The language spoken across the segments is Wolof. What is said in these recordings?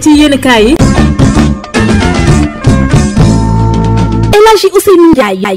ci yenn kaay yi El Hadji Ousseynou Ndiaye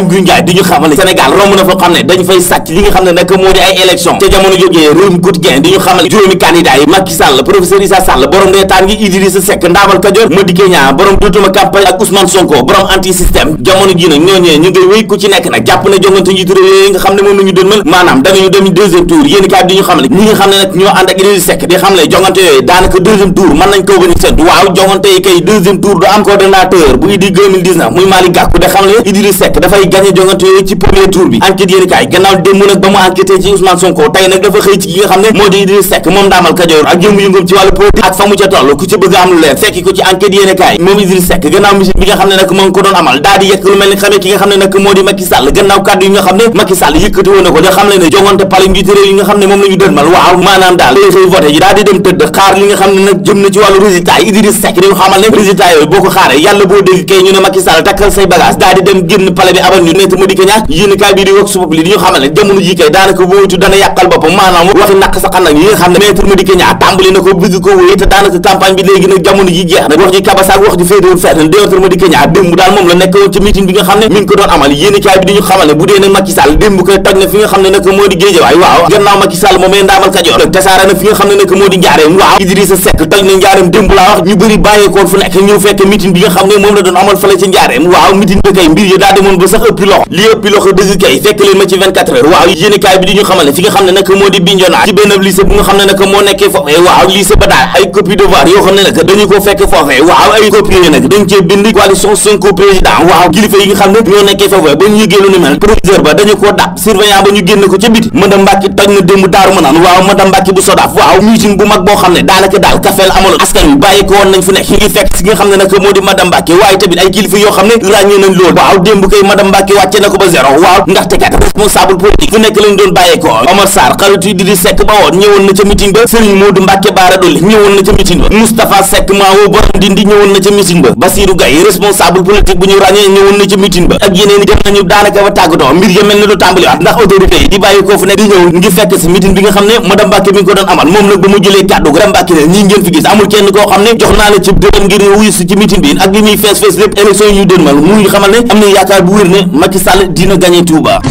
Aly Ngouille di ñu xamale Sénégal romb na fa xam ne dañu fay sàcc li nga xam ne nag moo di ay élection te jamono jojee réew mi quotidien di ñu xamal juróomi candidat yi Macky Sall professeur Issa Sall borom reetaan ngi ñu ngay wéy tour yéen kaay di ñu xamale ñi nga xam ne nag ñoo ànd ak Idrissa Seck di xam ne jongante yooyu daanaka tour mën nañ ko organiser waaw jongante yi kay tour du am coordonnateur bu idi 2019 muy Malick Gakou de xam ne Idrissa Seck dafay moom daamal gannaaw musique bi nga xam ne nag moo ngi amal daal di yekk lu mel ni xamee ki nga xam ne nag da moom la ñu dënmal waaw maanaam daal day xëy voté ji daal dem tëdd xaar li nga xam ne nag jëm na ci wàllu résultat yi Idriss boo ko xaaree yàlla boo dégg kay ñu ne Macky Sall takkal say bagage daal dem génn pale bi xabar wax suba meeting bi nga xam ne mi ko doon amal yéen kaay bi di xamal ne bu dee nag Macky Sall démb koy toj na fi nga xam ne nag moo di Guédiawaye waaw gannaaw Macky Sall moomee ndaamal Kajoor tasaare na fi nga xam ne nag moo di njaareem waaw Idrissa Seck toj na njaareem démb laa wax ñu bëri bàyyeekoon fu nekk ñëw fekk meeting bi nga xam ne moom la doon amal fale ci njaareem waaw meeting bi kay mbir yi daa ba sax sax li ëpp loxo dëgg kay fekk leen ma ci 24 heures waaw yéenekaay bi di xamal ne fi nga xam ne nag moo di Bignona ci bu nga eh, waaw lycée bu mag boo xam ne daanaka daal kafeel amalo askan wi bàyyi ko woon nañ fu nekk ñi nga xam ne nag moo di madame Mbacke waaye tamit ay kilifa yoo xam ne ràññee nañ loolu waaw démb kay madame Mbàkke wàcce na ko ba zéro waaw ndaxte kat responsable politique fu nekk lañ doon bàyyeekoo Omar Sarr xaritu Idrissa Seck ba ba Serigne ñëwoon na ca meeting ba Moustapha Seck Mawo borom dindi ñëwoon na ñëwoon na ca meeting ba ak yi muy fees fees lépp élection yi ñu dënmal muy xamal ne am na yaakaar bu wér ne ne Macky Sall dina gagné Touba